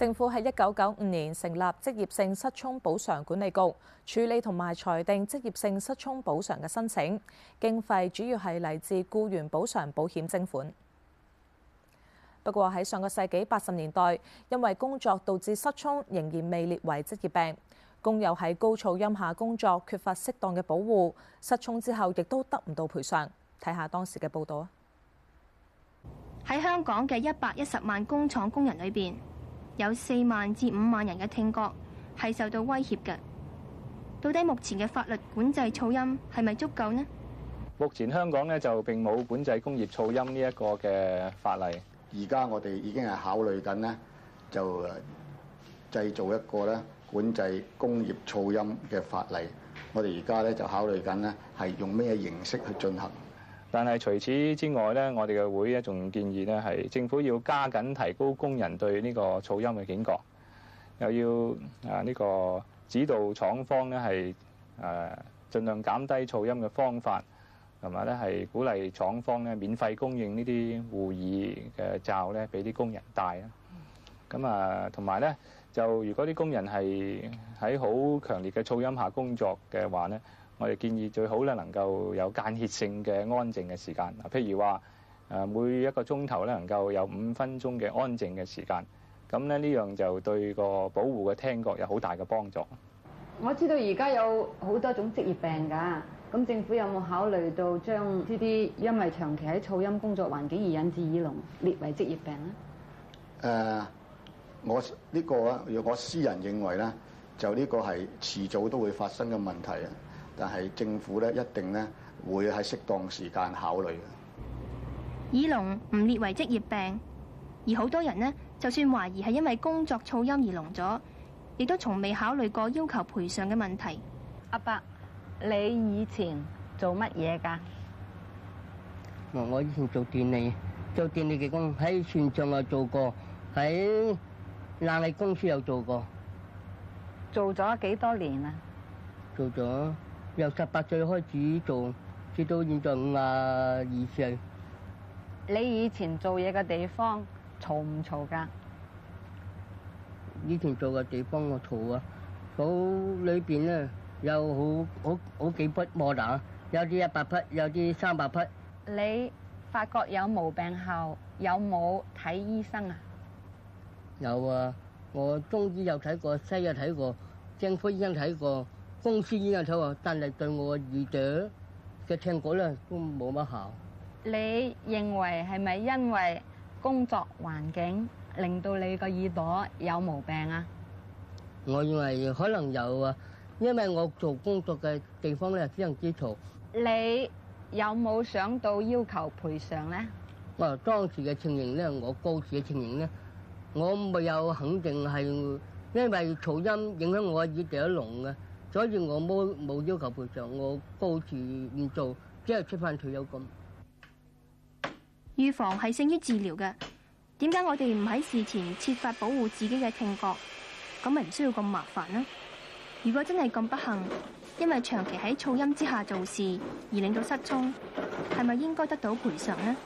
政府喺一九九五年成立職業性失聰補償管理局，處理同埋裁定職業性失聰補償嘅申請。經費主要係嚟自僱員補償保險徵款。不過喺上個世紀八十年代，因為工作導致失聰仍然未列為職業病，工友喺高噪音下工作，缺乏適當嘅保護，失聰之後亦都得唔到賠償。睇下當時嘅報道啊！喺香港嘅一百一十萬工廠工人裏邊。有四萬至五萬人嘅聽覺係受到威脅嘅，到底目前嘅法律管制噪音係咪足夠呢？目前香港咧就並冇管制工業噪音呢一個嘅法例，而家我哋已經係考慮緊咧就製造一個咧管制工業噪音嘅法例，我哋而家咧就考慮緊咧係用咩形式去進行。但係除此之外咧，我哋嘅會咧仲建議咧，係政府要加緊提高工人對呢個噪音嘅警覺，又要啊呢個指導廠方咧係誒盡量減低噪音嘅方法，同埋咧係鼓勵廠方咧免費供應呢啲護耳嘅罩咧俾啲工人戴啊。咁啊，同埋咧就如果啲工人係喺好強烈嘅噪音下工作嘅話咧。我哋建議最好咧能夠有間歇性嘅安靜嘅時間嗱，譬如話誒每一個鐘頭咧能夠有五分鐘嘅安靜嘅時間，咁咧呢這樣就對個保護嘅聽覺有好大嘅幫助。我知道而家有好多種職業病㗎，咁政府有冇考慮到將呢啲因為長期喺噪音工作環境而引致耳聾列為職業病咧？誒、呃，我呢、這個啊，若我私人認為咧，就呢個係遲早都會發生嘅問題啊！但係政府咧，一定咧會喺適當時間考慮嘅。耳聾唔列為職業病，而好多人咧，就算懷疑係因為工作噪音而聾咗，亦都從未考慮過要求賠償嘅問題。阿伯，你以前做乜嘢㗎？我以前做電力，做電力嘅工，喺船廠有做過，喺冷氣公司有做過。做咗幾多年啊？做咗。由十八歲開始做，至到現在五啊二歲。你以前做嘢嘅地方嘈唔嘈㗎？以前做嘅地方我嘈啊，好裏邊咧有好好好幾匹摩打，有啲一百匹，有啲三百匹。你發覺有毛病後，有冇睇醫生啊？有啊，我中醫有睇過，西醫有睇過，政府醫生睇過。公司依家嘈，但係對我個耳朵嘅聽覺咧都冇乜效。你認為係咪因為工作環境令到你個耳朵有毛病啊？我認為可能有啊，因為我做工作嘅地方咧非常之嘈。你有冇想到要求賠償咧？啊，當時嘅情形咧，我告説嘅情形咧，我冇有肯定係因為噪音影響我個耳朵聾嘅。所以，我冇冇要求賠償，我高住唔做，即係出翻退休金，咁預防係勝於治療嘅，點解我哋唔喺事前設法保護自己嘅聽覺？咁咪唔需要咁麻煩呢？如果真係咁不幸，因為長期喺噪音之下做事而令到失聰，係咪應該得到賠償呢？